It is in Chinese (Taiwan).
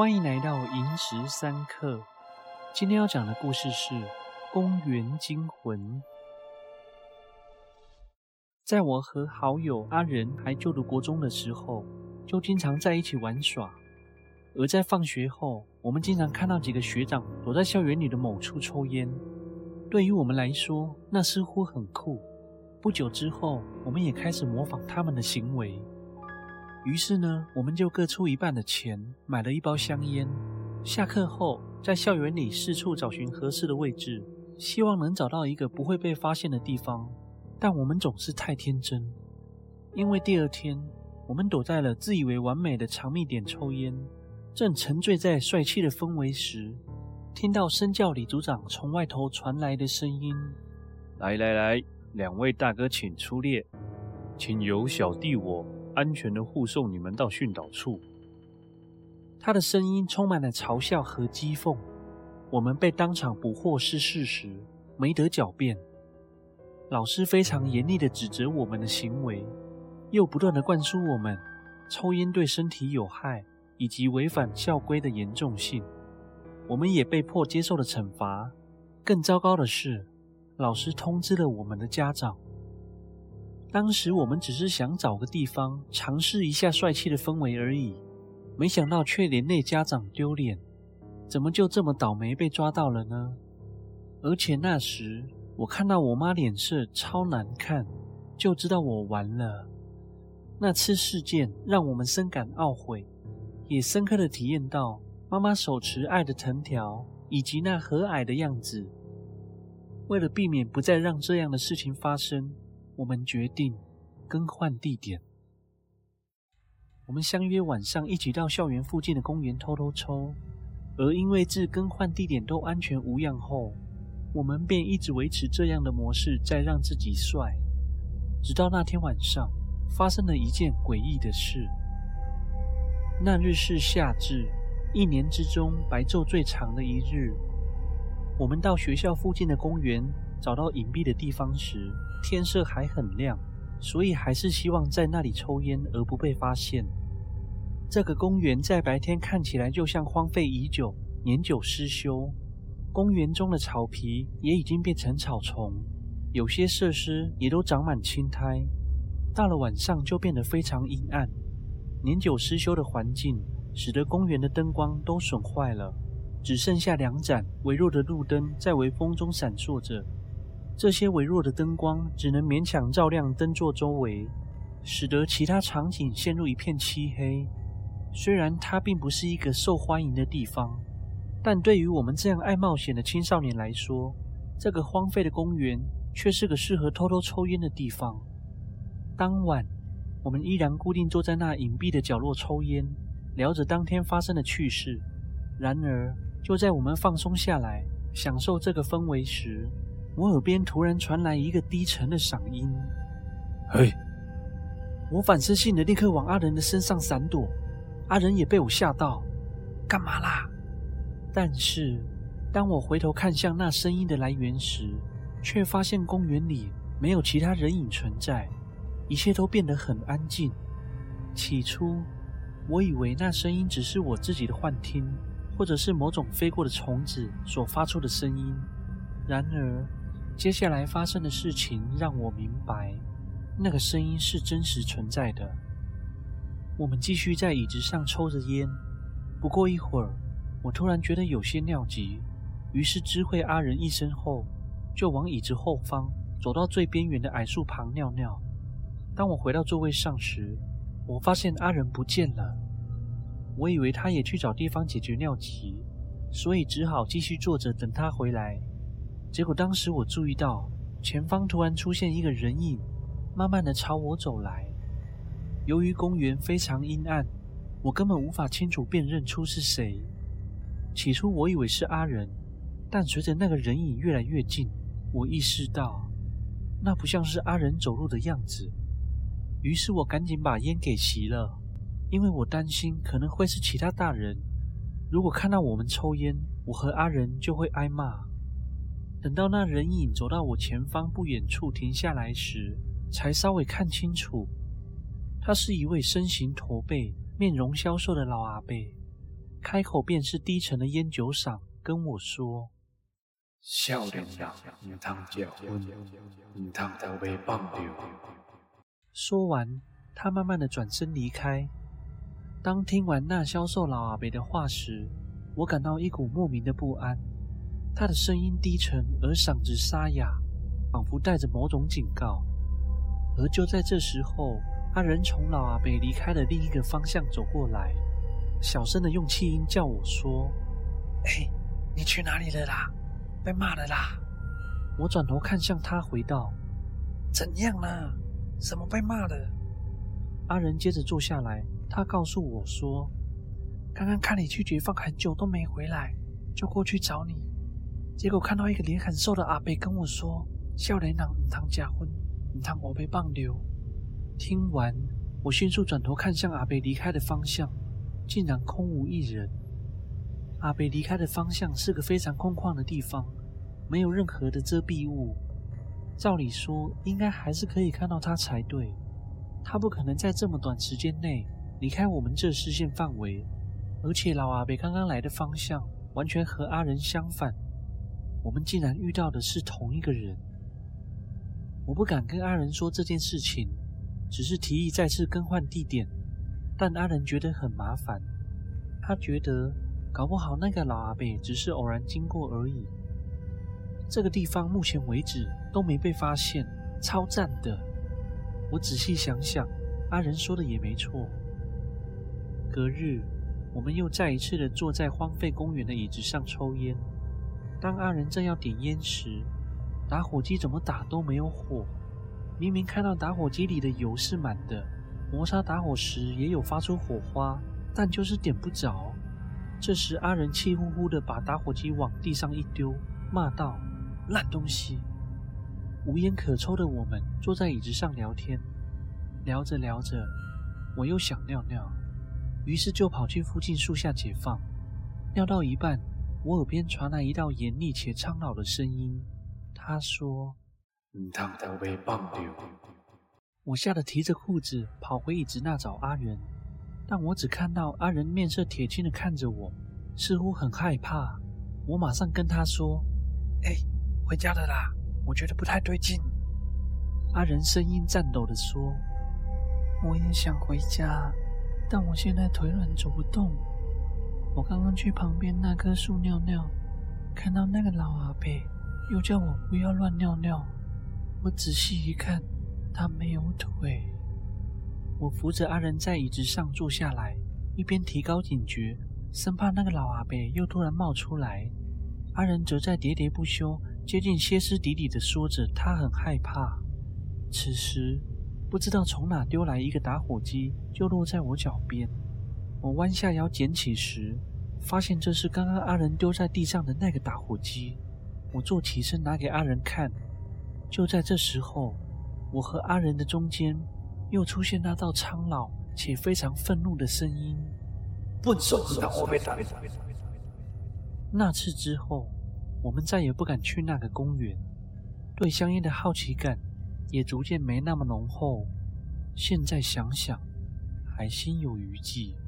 歡迎來到《螢石三刻》。今天要講的故事是《公園驚魂》。在我和好友阿仁還就讀國中的時候，就經常在一起玩耍。而在放學後，我們經常看到幾個學長躲在校園裡的某處抽菸。對於我們來說，那似乎很酷。不久之後，我們也開始模仿他們的行為。於是呢，我們就各出一半的錢買了一包香菸。下課後，在校園裡四處找尋合適的位置，希望能找到一個不會被發現的地方。但我們總是太天真，因為第二天，我們躲在了自以為完美的藏匿點抽菸，正沉醉在帥氣的氛圍時，聽到生教李組長從外頭傳來的聲音：“來來來，兩位大哥請出列，請由小弟我。”安全地護送你們到訓導處。他的聲音充滿了嘲笑和譏諷。我們被當場捕獲是事實，沒得狡辯。老師非常嚴厲地指責我們的行為，又不斷地灌輸我們抽煙對身體有害以及違反校規的嚴重性。我們也被迫接受了懲罰。更糟糕的是，老師通知了我們的家長。當時我們只是想找個地方嘗試一下帥氣的氛圍而已，沒想到卻連累家長丟臉。怎麼就這麼倒霉被抓到了呢？而且那時我看到我媽臉色超難看，就知道我完了。那次事件讓我們深感懊悔，也深刻的體驗到媽媽手持愛的藤條以及那和藹的樣子。為了避免不再讓這樣的事情發生。我們決定更換地點。我們相約晚上一起到校園附近的公園偷偷抽，而因為自更換地點都安全無恙後，我們便一直維持這樣的模式，在讓自己帥。直到那天晚上，發生了一件詭異的事。那日是夏至，一年之中白晝最長的一日。我們到學校附近的公園。找到隱蔽的地方時，天色還很亮，所以還是希望在那裡抽煙而不被發現。這個公園在白天看起來就像荒廢已久、年久失修。公園中的草皮也已經變成草叢，有些設施也都長滿青苔。到了晚上就變得非常陰暗。年久失修的環境使得公園的燈光都損壞了，只剩下兩盞微弱的路燈在微風中閃爍着。這些微弱的燈光只能勉強照亮燈座周圍，使得其他場景陷入一片漆黑。雖然它並不是一個受歡迎的地方，但對於我們這樣愛冒險的青少年來說，這個荒廢的公園卻是個適合偷偷抽煙的地方。當晚，我們依然固定坐在那隱蔽的角落抽煙，聊着當天發生的趣事。然而，就在我們放鬆下來，享受這個氛圍時，我耳邊突然傳來一個低沉的嗓音，嘿！我反射性的立刻往阿仁的身上閃躲，阿仁也被我嚇到，幹嘛啦？但是當我回頭看向那聲音的來源時，卻發現公園裡沒有其他人影存在，一切都變得很安靜。起初，我以為那聲音只是我自己的幻聽，或者是某種飛過的蟲子所發出的聲音，然而，接下來發生的事情讓我明白，那個聲音是真實存在的。我們繼續在椅子上抽着菸，不過一會兒，我突然覺得有些尿急，於是知會阿仁一聲後，就往椅子後方走到最邊緣的矮樹旁尿尿。當我回到座位上時，我發現阿仁不見了。我以為他也去找地方解決尿急，所以只好繼續坐着等他回來。結果，當時我注意到前方突然出現一個人影，慢慢的朝我走來。由於公園非常陰暗，我根本無法清楚辨認出是誰。起初我以為是阿仁，但隨着那個人影越來越近，我意識到那不像是阿仁走路的樣子。於是，我趕緊把煙給熄了，因為我擔心可能會是其他大人，如果看到我們抽煙，我和阿仁就會挨罵。等到那人影走到我前方不遠處停下來時，才稍微看清楚，他是一位身形駝背、面容消瘦的老阿伯，開口便是低沉的煙酒嗓，跟我說：“笑臉揚，腳棒。”說完，他慢慢的轉身離開。當聽完那消瘦老阿伯的話時，我感到一股莫名的不安。他的聲音低沉而嗓子沙啞，仿佛帶着某種警告。而就在這時候，阿仁從老阿北離開的另一個方向走過來，小聲的用氣音叫我說：“哎、欸，你去哪裡了啦？被罵了啦？”我轉頭看向他，回道：“怎樣啦、啊？什麼被罵的？”阿仁接着坐下來，他告訴我說：“剛剛看你去解放很久都沒回來，就過去找你。”結果看到一個臉很瘦的阿伯跟我說：“笑臉狼，你湯假婚，你湯我被棒流。”聽完，我迅速轉頭看向阿伯離開的方向，竟然空無一人。阿伯離開的方向是個非常空曠的地方，沒有任何的遮蔽物。照理說，應該還是可以看到他才對。他不可能在這麼短時間內離開我們這視線範圍，而且老阿伯剛剛來的方向完全和阿仁相反。我們竟然遇到的是同一個人，我不敢跟阿仁說這件事情，只是提議再次更換地點，但阿仁覺得很麻煩，他覺得搞不好那個老阿伯只是偶然經過而已。這個地方目前為止都沒被發現，超讚的。我仔細想想，阿仁說的也沒錯。隔日，我們又再一次的坐在荒廢公園的椅子上抽菸。當阿仁正要點煙時，打火機怎麼打都沒有火。明明看到打火機裡的油是滿的，摩擦打火時也有發出火花，但就是點不着。這時，阿仁氣呼呼地把打火機往地上一丟，罵道：“爛東西！”無煙可抽的我們坐在椅子上聊天，聊着聊着，我又想尿尿，於是就跑去附近樹下解放。尿到一半。我耳邊傳來一道嚴厲且蒼老的聲音，他說：“你燙的被棒丟。”我嚇得提着褲子跑回椅子那找阿仁，但我只看到阿仁面色鐵青的看着我，似乎很害怕。我馬上跟他說：“哎、欸，回家了啦，我覺得不太對勁。”阿仁聲音顫抖的說：“我也想回家，但我現在腿軟，走不動。”我剛剛去旁邊那棵樹尿尿，看到那個老阿伯又叫我不要亂尿尿。我仔細一看，他沒有腿。我扶着阿仁在椅子上坐下來，一邊提高警覺，生怕那個老阿伯又突然冒出來。阿仁則在喋喋不休，接近歇斯底里的說着他很害怕。此時，不知道從哪丟來一個打火機，就落在我腳邊。我彎下腰撿起時，發現這是剛剛阿仁丟在地上的那個打火機。我坐起身拿給阿仁看。就在這時候，我和阿仁的中間又出現那道蒼老且非常憤怒的聲音：“笨手笨腳！”那次之後，我們再也不敢去那個公園。對香煙的好奇感也逐漸沒那麼濃厚。現在想想，還心有餘悸。